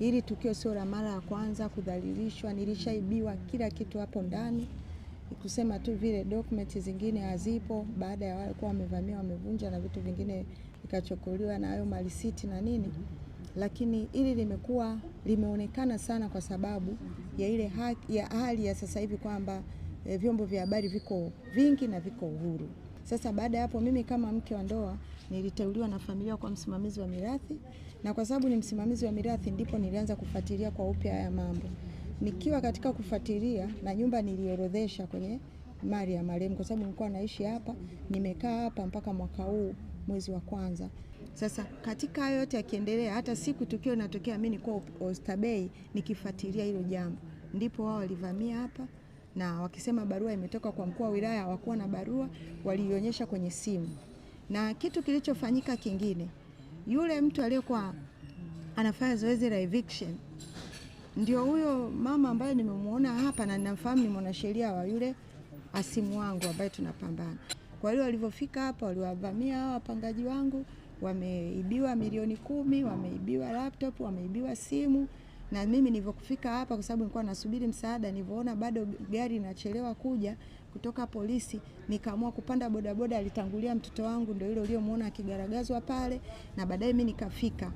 Hili tukio sio la mara ya kwanza kudhalilishwa, nilishaibiwa kila kitu hapo ndani, kusema tu vile document zingine hazipo, baada ya wale kuwa wamevamia, wamevunja na vitu vingine vikachukuliwa, na hayo malisiti na nini. Lakini hili limekuwa limeonekana sana kwa sababu ya ile hali ya, ya sasa hivi kwamba eh, vyombo vya habari viko vingi na viko uhuru. Sasa baada ya hapo, mimi kama mke wa ndoa niliteuliwa na familia kwa msimamizi wa mirathi, na kwa sababu ni msimamizi wa mirathi, ndipo nilianza kufuatilia kwa upya haya mambo. Nikiwa katika kufuatilia, na nyumba niliorodhesha kwenye mali ya marehemu, kwa sababu nilikuwa naishi hapa, nimekaa hapa mpaka mwaka huu mwezi wa kwanza. Sasa katika hayo yote yakiendelea, hata siku tukio linatokea, mimi nilikuwa Oysterbay nikifuatilia hilo jambo, ndipo wao walivamia hapa na wakisema barua imetoka kwa mkuu wa wilaya hawakuwa na barua, waliionyesha kwenye simu. Na kitu kilichofanyika kingine, yule mtu aliyekuwa anafanya zoezi la eviction ndio huyo mama ambaye nimemuona hapa na ninamfahamu, ni mwanasheria wa yule asimu wangu ambaye tunapambana. Kwa hiyo walivyofika hapa, waliwavamia hawa wapangaji wangu, wameibiwa milioni kumi, wameibiwa laptop, wameibiwa simu na mimi nilivyofika hapa, kwa sababu nilikuwa nasubiri msaada, nilivyoona bado gari inachelewa kuja kutoka polisi, nikaamua kupanda bodaboda. Alitangulia mtoto wangu, ndio hilo uliyomuona akigaragazwa pale, na baadaye mimi nikafika.